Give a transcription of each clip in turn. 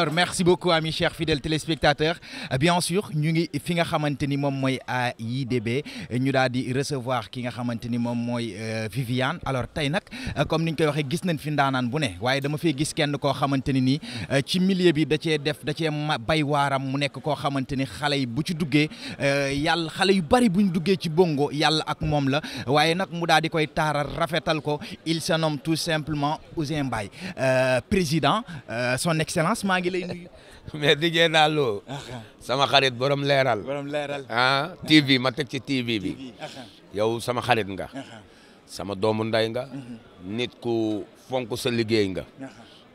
alors merci beaucoup amis chers fidèles téléspectateurs Euh, bien sûr ñu ngi fi nga xamante ni moom mooy AIBD ñu daal di recevoir ki nga xamante ni moom mooy euh, Viviane alors tey nag euh, comme ñu koy waxee gis nañ fi ndaanaan bu ne waaye dama fee gis kenn koo xamante ni nii ci millier bi da cee def da cee bay waaram mu nekk koo xamante ni xale yi bu ci duggee yàlla xale yu bari buñ duggee ci bongo yàlla ak moom la waaye nag mu daal di koy taaral rafetal ko il se nomme tout simplement Ouzin Mbaye président son excellence maa ngi lay nuyu mais di jee daal loo sama xarit borom leeral borom leeral ah TV ma teg ci TV bi yow sama xarit nga sama doomu nday nga mhm. nit ku fonk sa liggéey nga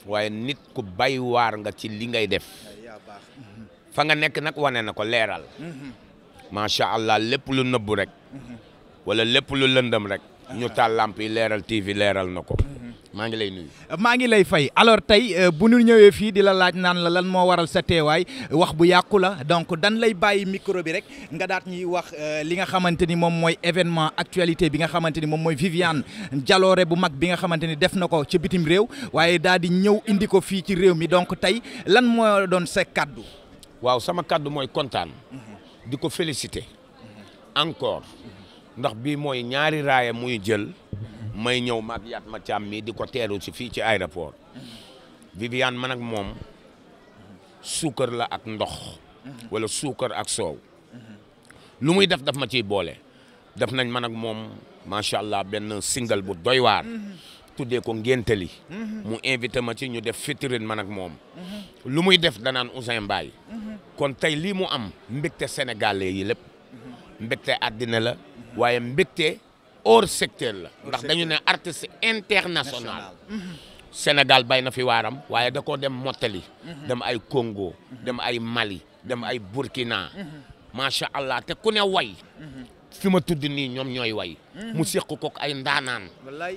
waaye nit ku bay waar nga ci li ngay def mhm. fa nga nekk nag wane na ko leeral mhm. macha allah lépp lu nëbbu rek wala lépp lu lëndëm rek ñu taal lamp yi leeral TV leeral na ko maa ngi lay nuyu. maa ngi lay fay alors tey euh, bu ñu ñëwee fii di la laaj naan la lan moo waral sa teewaay wax bu yàqu la donc dan lay bàyyi micro bi rek nga daat ñuy wax euh, li nga xamante ni moom mooy événement actualité bi nga xamante ni moom mooy Viviane jaloore bu mag bi nga xamante ni def na ko ci bitim réew waaye daal di ñëw indi ko fii ci réew mi donc tey lan moo doon sa kàddu waaw sama kàddu mooy kontaan. Mhm. di ko félicité encore ndax bi mooy ñaari raaya muy jël. may ñëw maag yaat ma caam mii di ko teeru si fii ci aéroport Viviane man ak moom suukar la ak ndox walla suukar ak soow lu muy def daf ma ci boole def nañ man ak moom macha allah benn single bu doy waar tuddee ko ngéntali mu invité ma ci ñu def featuring man ak moom lu muy def danaan Ouzin Mbaye kon tey lii mu am mbégte sénégalais yi lépp mbégte àddina la waaye mbégte hors secteur la ndax dañu ne artiste international mhm. Sénégal bay na fi waaram waaye da koo dem mottali mhm. dem ay kongo mhm. dem ay Mali dem ay Burkina macha allah te ku ne way fi ma tudd nii ñoom ñooy way mu ko ay ndaanaan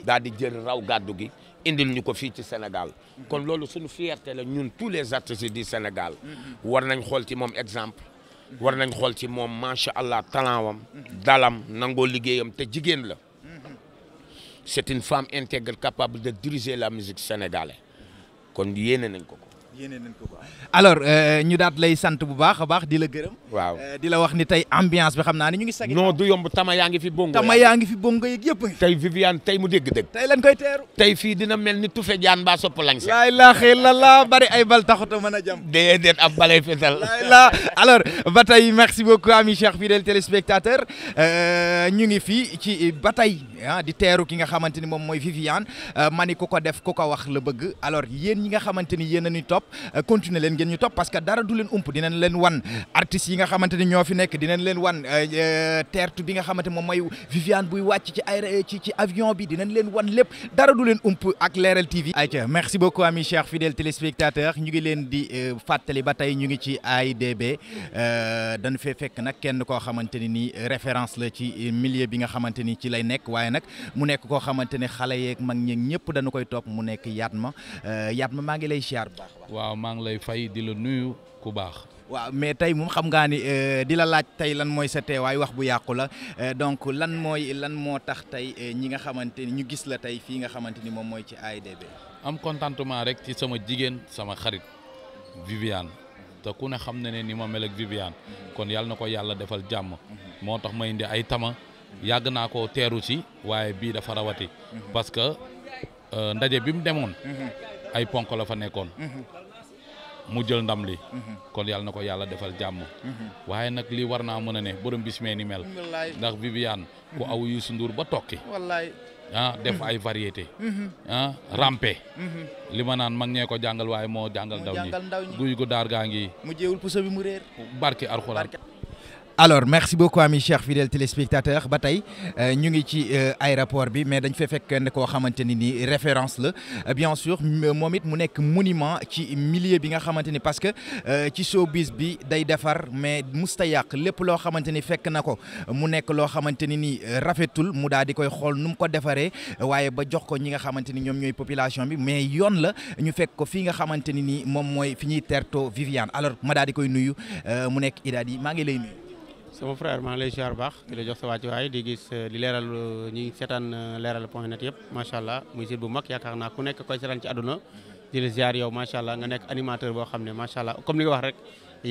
daal di jël raw gàddu gi indil ñu ko fii ci Sénégal kon loolu suñu fierté la ñun tous les artistes di Sénégal war nañ xool mom moom exemple war nañ xool ci moom macha allah talent wam dalam nangoo liggéeyam te jigéen la c'est une femme intègre capable de diriger la musique sénégalaise kon yéene nañ ko yéene nañ ko quoi. alors euh, ñu daat lay sant bu baax a baax di la gërëm. waaw euh, di la wax ni tey ambiance bi xam naa ni ñu ngi. sagi non yomb tama yaa ngi fi bongo tama yaa ngi fi bongo yeeg yëpp ngi. tey Viviane tey mu dégg-dégg. tey lañ koy teeru. tey fii dina mel ni tufe jaan baa sopp lañ. laa ilaaha illallaah bari ay bal taxut a mën a jam. déedéet ab balay fetal. laa alors ba tey merci beaucoup amis chers fidèles téléspectateurs euh, ñu ngi fii ci ba tey ah di teeru ki nga xamante ni moom mooy Viviane ma ni ku ko def ku ko wax la bëgg alors yéen ñi a Euh, continuer leen geen ñu topp parce que dara du leen ump dinañ leen wan artistes yi nga xamante ni ñoo fi nekk dinañ leen wan euh, euh, teertu bi nga xamante moom mooy Viviane buy wàcc ci ay ci ci avion bi dinañ leen wan lépp dara du leen ump ak Leral TV. ayca merci beaucoup ami chers fidèles téléspectateurs ñu ngi leen di fàttali ba tey ñu ngi ci ay AIBD dañu fee fekk nag kenn koo xamante ni nii référence la ci millier bi nga xamante ni ci lay nekk waaye nag mu nekk koo xamante ne xale yeeg mag ñeeg ñëpp dañu koy topp mu nekk yaat ma yaat ma maa ngi lay siyaar waaw maa ngi lay fay di la nuyu ku baax. waaw mais tey moom xam ngaa ni euh, di la laaj tey lan mooy sa teewaay wax bu yàqu la euh, donc lan mooy lan moo tax tey euh, ñi nga xamante ni ñu gis la tey fii nga xamante ni moom mooy ci AIBD. am contentement rek ci sama jigéen sama xarit Viviane te ku ne xam na ne ni ma mel ak Viviane kon yàlla na ko yàlla defal jàmm moo tax ma indi ay tama yàgg naa ko teeru si waaye bii dafa rawati mhm. parce que ndaje bi mu demoon. Mhm. ay ponk la fa nekkoon. Mhm. mu jël ndam li mhm. kon yàlla na ko yàlla defal jàmm mhm. waaye nag li war naa mën a ne borom bis ni mel ndax Viviane ku aw Youssou Ndour ba tokki wallaay ah def ay variété ah rampe ma naan mag ñee ko jàngal waaye moo jàngal ndaw ñi guy gu gaa ngi mu jéewul puso bi mu réer barki alxuraan alors merci beaucoup ami chers fidèles téléspectateurs ba tey euh, ñu ngi ci euh, aéroport bi mais dañ fee fekk ne koo xamante ni ni référence la euh, bien sûr moom it mu nekk monument ci milieu bi nga xamante ni parce que ci showbiz bi day defar mais musta yàq lépp loo xamante ni fekk na ko mu nekk loo xamante ni ni rafetul mu daal di koy xool nu mu ko defaree waaye ba jox ko ñi nga xamante ni ñoom ñooy population bi mais yoon la ñu fekk ko fi nga xamante ni ni moom mooy fi ñuy terto Viviane alors ma daal di koy nuyu mu nekk Idadi maa ngi lay nuyu. sama frère maa ngi lay ziar baax di la jox sa wàcc waay di gis eh, di leeral eh, ñi seetaan eh, leeral point net yëpp macha allah muy site bu mag yaakaar naa ku nekk koy seetaan ci àdduna di la ziar yow macha allah nga nekk animateur boo xam ne macha allah comme li nga wax rek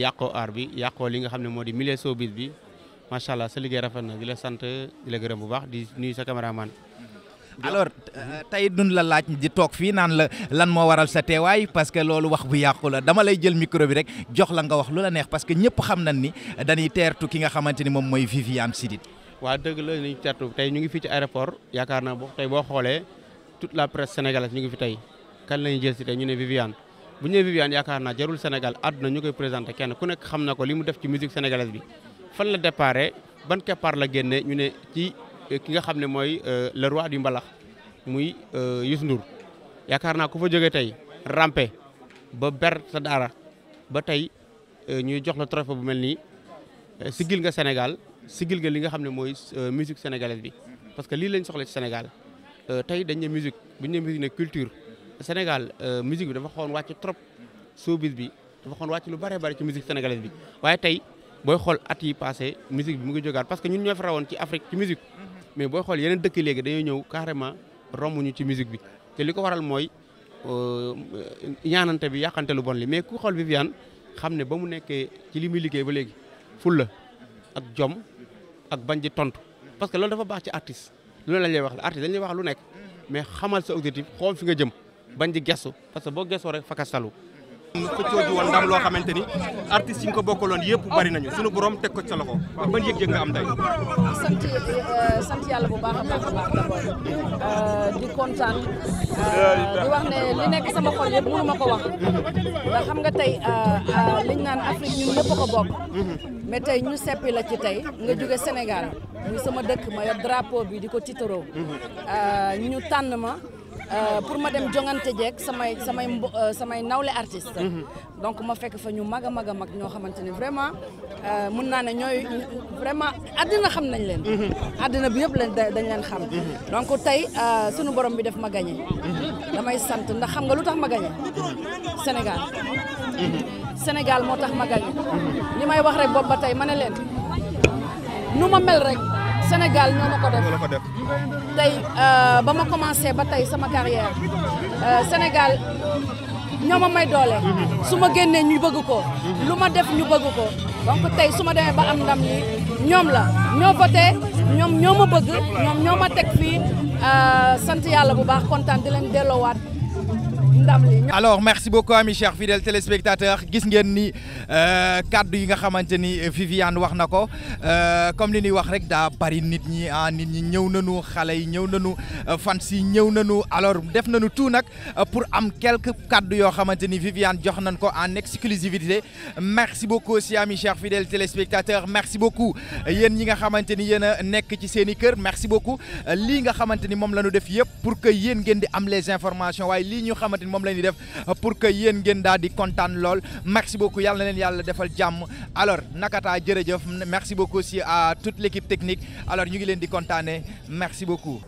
yàqoo aar bi yàqoo li nga xam ne moo di milieu showbiz bi macha allah sa liggéey rafet na di la sant di la gërëm bu baax di nuyu sa caméraman alors tey dun la laaj di toog fii naan la lan moo waral sa teewaay parce que loolu wax bu yàqu la dama lay jël micro bi rek jox la nga wax lu la neex parce que ñëpp xam nañ ni dañuy teertu ki nga xamante ni moom mooy Viviane Chidid. waa dëgg la ñu teertu tey ñu ngi fii ci aéroport yaakaar naa boo tey boo xoolee toute la presse sénégalaise ñu ngi fi tey kan la ñuy jël si tey ñu ne Viviane bu ñu nee Viviane yaakaar naa jarul Sénégal àdduna ñu koy présenté kenn ku nekk xam na ki nga xam ne mooy euh, le roi du mbalax muy euh, Youssou Ndour yaakaar naa ko fa jógee tey rampe ba ber sa daara ba tey euh, ñuy jox la trophée bu mel nii sigil nga Sénégal sigil nga li nga xam ne mooy musique sénégalaise bi parce que lii lañ soxla ci Sénégal tey dañ ne musique bu ñu ne musique ne culture Sénégal musique bi dafa xoon wàcc trop showbiz bi dafa xoon wàcc lu bare bare ci musique sénégalaise bi waaye tey booy xool at yi passé musique bi mu ngi jógaat parce que ñun ñoo fi ci Afrique ci musique mais booy xool yeneen dëkki léegi dañoo ñëw carrément rombuñu ci musique bi te li ko waral mooy yaanante euh, bi yàqante lu bon li mais ku xool bi an xam ne ba mu nekkee ci li muy liggéey ba léegi fulla ak jom ak bañ di tontu parce que loolu dafa baax ci artiste lu ne lañ lay wax la artiste dañ wax lu nekk mais xamal sa objectif xool fi nga jëm bañ di gestu parce que boo gestoo rek fakastalu xëccoo ji woon ndam loo xamante ni artistes yi nga ko bokkaloon yépp bari nañu suñu boroom teg ko ci sa loxo wax ban yëg-yëg nga am tey. sant euh, sant yàlla bu baax euh, euh, nga tey liñ naan Afrique ñun ñëpp ko bokk. mais tey ñu seppi la ci tey nga jóge Sénégal muy sama dëkk ma yor drapeau bi di ko tiitaroo. ñu tànn ma. Euh, pour ma dem jongante jeeg samay samay euh, samay nawle artiste mhm. donc ma fekk fa ñu mag a mag a mag ñoo xamante ne vraiment euh, mun naa ne ñooy vraiment àddina xam nañ leen mhm. àddina bi yëpp leen dañ leen xam mhm. donc tey sunu borom bi def ma gagné damay sant ndax xam nga lu tax ma gagné Sénégal Sénégal moo tax ma gagné li may wax rek boobu ba tey ma ne leen nu ma mel rek Sénégal ñoo ma ko def ko def tey euh, ba ma commencé ba tey sama carrière euh, Sénégal ñoo ma may doole su ma génnee ñu bëgg ko lu ma def ñu bëgg ko tey su ma demee ba am ndam li ñoom la ñoo voté ñoom ñoo ma bëgg ñoom ñoo ma teg fii euh, sant yàlla bu baax kontaan di leen delloowaat ndam li alors merci beaucoup amis chers fidèles téléspectateurs gis ngeen ni euh, kaddu yi nga xamante ni Viviane wax na ko euh, comme li ñuy wax rek daa bari nit ñi ah nit ñi ñëw nañu xale yi ñëw nañu euh, fan si ñëw nañu alors def nañu tout nag pour am quelques kaddu yoo xamante ni Viviane jox nañ ko en exclusivité merci beaucoup aussi amis chers fidèles téléspectateurs merci beaucoup yéen ñi nga xamante ni yéen nekk ci seen i kër merci beaucoup lii nga xamante ni moom la def yëpp pour que yéen ngeen di am les informations waaye moom la ñuy def pour que yéen ngeen daal di kontaan lool merci beaucoup yàlla leen yàlla defal jàmm alors Nakata jërëjëf merci beaucoup si à toute l'équipe technique alors ñu ngi leen di kontaane merci beaucoup